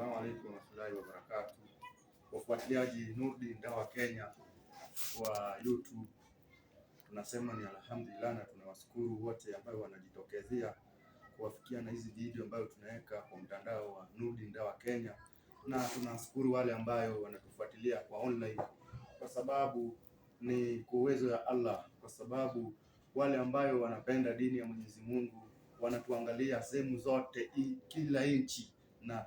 Asalamu alaikum warahmatullahi wabarakatuh, wafuatiliaji Nurdin Dawa Kenya kwa YouTube, tunasema ni alhamdulillah na tunawashukuru wote ambao wanajitokezea kuwafikia na hizi video ambayo tunaweka kwa mtandao wa Nurdin Dawa Kenya, na tunashukuru wale ambayo wanatufuatilia kwa online, kwa sababu ni kwa uwezo ya Allah, kwa sababu wale ambayo wanapenda dini ya Mwenyezi Mungu wanatuangalia sehemu zote, kila nchi na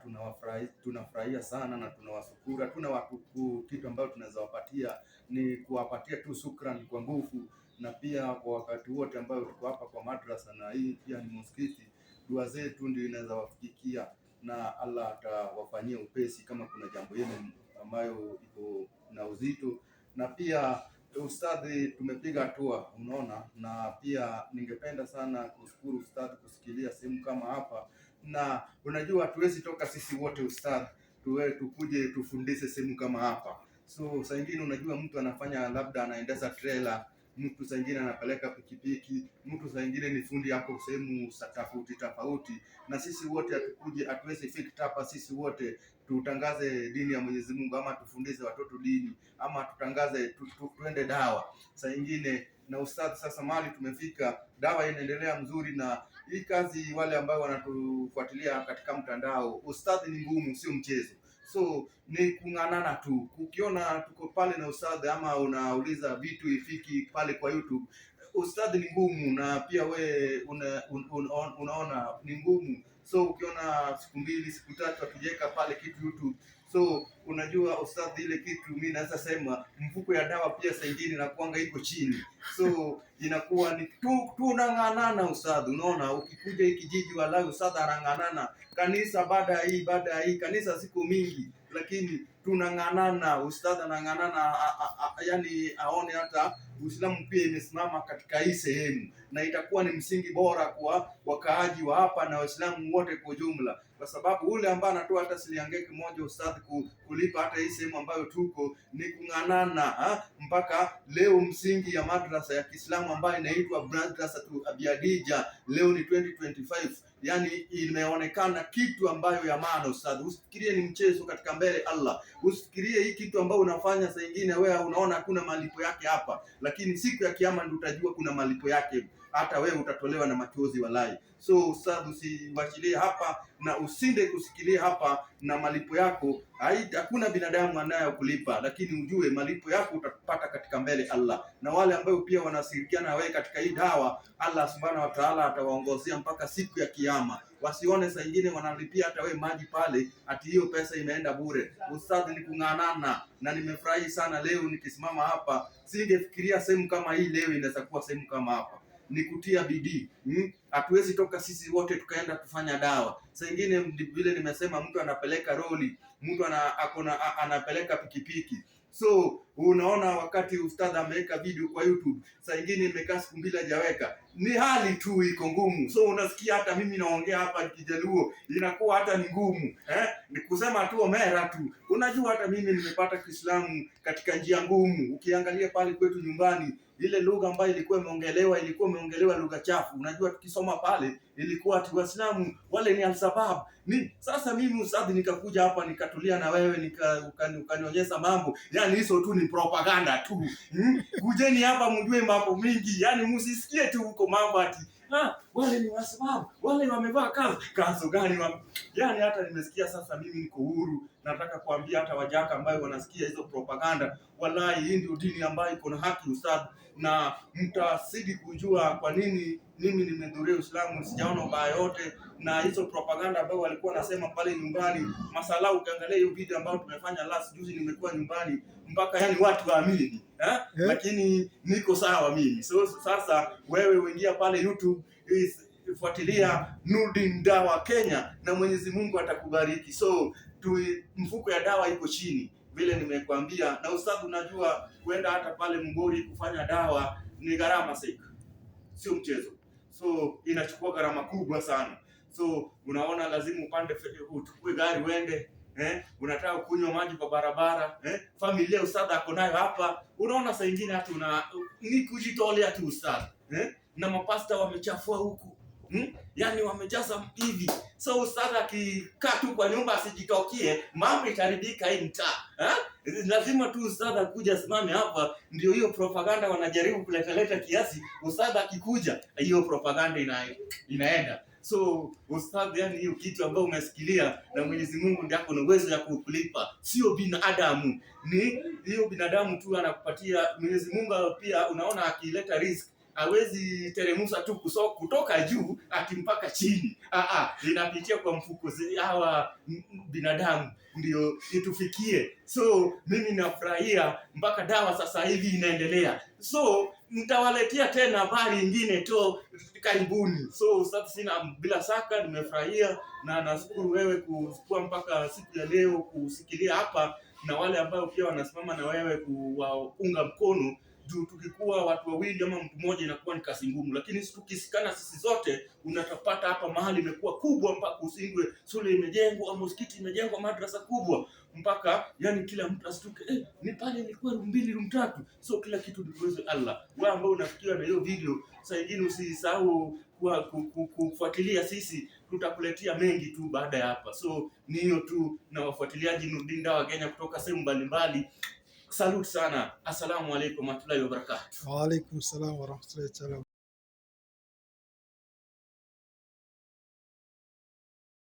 tunafurahia sana na tunawashukuru. Hatuna watu kitu ambayo tunaweza wapatia, ni kuwapatia tu shukran kwa nguvu, na pia kwa wakati wote ambao tuko hapa kwa madrasa na hii pia ni msikiti, dua zetu ndio inaweza wafikikia na Allah atawafanyia upesi kama kuna jambo yenu ambayo iko na uzito. Na pia ustadhi, tumepiga hatua unaona, na pia ningependa sana kushukuru ustadhi kusikilia sehemu kama hapa na unajua hatuwezi toka sisi wote ustadh tuwe tukuje tufundise sehemu kama hapa. So saa ingine unajua mtu anafanya labda anaendesha trailer, mtu saa ingine anapeleka pikipiki, mtu saa ingine ni fundi yako sehemu tofauti tofauti, na sisi wote hatukuje, hatuwezi fika hapa sisi wote tutangaze dini ya Mwenyezi Mungu ama tufundize watoto dini ama tutangaze tu, tu, tuende dawa saa ingine na ustadhi sasa mali tumefika, dawa inaendelea mzuri, na hii kazi, wale ambao wanatufuatilia katika mtandao, ustadhi ni ngumu, sio mchezo. So ni kung'anana tu, ukiona tuko pale na ustadhi ama unauliza vitu ifiki pale kwa YouTube, ustadhi ni ngumu, na pia we una, un, un, unaona ni ngumu. So ukiona siku mbili siku tatu akijeka pale kitu YouTube So unajua ustadhi, ile kitu mimi naweza sema mfuko ya dawa pia saidini na kuanga iko chini, so inakuwa ni tunang'anana tu ustadhi. Unaona, ukikuja hii kijiji, walau ustadhi anang'anana kanisa baada ya hii baada ya hii kanisa siku mingi lakini tunang'anana, ustadhi anang'anana, yani aone hata Uislamu pia imesimama katika hii sehemu, na itakuwa ni msingi bora kwa wakaaji wa hapa na Waislamu wote kwa ujumla, kwa sababu ule ambaye anatoa hata siliangeki moja ustadhi kulipa hata hii sehemu ambayo tuko ni kung'anana ha? Mpaka leo msingi ya madrasa ya Kiislamu ambayo inaitwa Madrasatul Abiadija leo ni 2025 yani imeonekana kitu ambayo ya maana. Ustadhi, usifikirie ni mchezo katika mbele Allah, usifikirie hii kitu ambayo unafanya saa ingine wewe unaona hakuna malipo yake hapa, lakini siku ya kiyama ndio utajua kuna malipo yake, hata wewe utatolewa na machozi walai. So ustadhi, usiwachilie hapa na usinde kusikilia hapa na malipo yako hakuna binadamu anayokulipa, lakini ujue malipo yako utapata katika mbele Allah. Na wale ambao pia wanashirikiana na wewe katika hii dawa, Allah subhanahu wa ta'ala atawaongozea mpaka siku ya Kiyama. Wasione saa ingine wanalipia hata wewe maji pale, ati hiyo pesa imeenda bure. Ustadhi, ni kung'anana na nimefurahi sana leo nikisimama hapa, singefikiria sehemu kama hii leo inaweza kuwa sehemu kama hapa ni kutia bidii. Hmm? Hatuwezi toka sisi wote tukaenda kufanya dawa. Saa ingine vile nimesema, mtu anapeleka roli, mtu ana, akona, anapeleka pikipiki so unaona, wakati ustadha ameweka video kwa YouTube, saa ingine imekaa siku mbili hajaweka, ni hali tu iko ngumu. So unasikia hata mimi naongea hapa Kijaluo inakuwa hata ni ngumu eh? Ni kusema tu omera tu. Unajua hata mimi nimepata Kiislamu katika njia ngumu. Ukiangalia pale kwetu nyumbani ile lugha ambayo ilikuwa imeongelewa ilikuwa imeongelewa lugha chafu. Unajua, tukisoma pale ilikuwa ati Waislamu wale ni alsabab ni. Sasa mimi usadhi nikakuja hapa nikatulia na wewe nika, ukanionyesha mambo yani hizo tu ni propaganda tu hmm? Kujeni hapa mjue mambo mingi, yani msisikie tu huko mambo ati ha? Ah, wale ni wasimamu, wale wamevaa kanzu. Kanzu gani? wa... yani hata nimesikia sasa, mimi niko huru. Nataka kuambia hata wajaka ambao wanasikia hizo propaganda, wallahi, hii ndio dini ambayo iko na haki ustadhi, na mtasidi kujua kwa nini mimi nimehudhuria Uislamu, sijaona ubaya yote na hizo propaganda ambao walikuwa nasema pale nyumbani. Masala, ukiangalia hiyo video ambayo tumefanya last juzi, nimekuwa nyumbani mpaka yani watu waamini eh? Yeah. Lakini niko sawa mimi. So sasa wewe uingia pale YouTube fuatilia Nurdin Dawa Kenya na Mwenyezi Mungu atakubariki. So tu, mfuko ya dawa iko chini vile nimekwambia, na ustadhi, unajua kuenda hata pale Mgori kufanya dawa ni gharama sika, sio mchezo. So inachukua gharama kubwa sana. So unaona lazima upande uchukue gari uende eh, unataka kunywa maji kwa barabara eh, familia ustadhi ako nayo hapa. Unaona saa ingine hata una ni kujitolea tu ustadhi eh? na mapasta wamechafua huku hmm? Yaani wamejaza hivi, so ustadhi akikaa tu kwa nyumba asijitokie, mambo itaribika hii mtaa ha? Lazima tu ustadhi kuja simame hapa, ndio hiyo propaganda wanajaribu kuletaleta kiasi. Ustadhi akikuja hiyo propaganda ina, inaenda So ustadhi, yani hiyo kitu ambayo umesikilia na Mwenyezi Mungu ndiye ako na uwezo ya kukulipa, sio binadamu. Ni hiyo binadamu tu anakupatia Mwenyezi Mungu. Pia unaona akileta risk hawezi teremusa tu kusoka kutoka juu ati mpaka chini. ah, linapitia kwa mfuko hawa binadamu ndio itufikie. So mimi nafurahia mpaka dawa sasa hivi inaendelea, so nitawaletea tena habari ingine to karibuni. So sasa sina, bila shaka nimefurahia na nashukuru wewe kuchukua mpaka siku ya leo kusikilia hapa, na wale ambao pia wanasimama na wewe kuwaunga mkono juu tukikuwa watu wawili ama mtu mmoja inakuwa ni kazi ngumu, lakini sisi tukisikana sisi zote, unatapata hapa mahali imekuwa kubwa mpaka usingwe shule imejengwa, msikiti imejengwa, madrasa kubwa mpaka yani kila mtu asituke eh, ni pale ilikuwa room mbili room tatu. So kila kitu ni Allah. Wewe ambao unafikiria na hiyo video, saa nyingine usisahau kufuatilia, sisi tutakuletea mengi tu baada ya hapa. So ni hiyo tu, na wafuatiliaji Nurdin Dawa Kenya kutoka sehemu mbalimbali. Salut sana. Asalamu alaykum wa rahmatullahi wa barakatuh. Wa alaykum salam wa rahmatullahi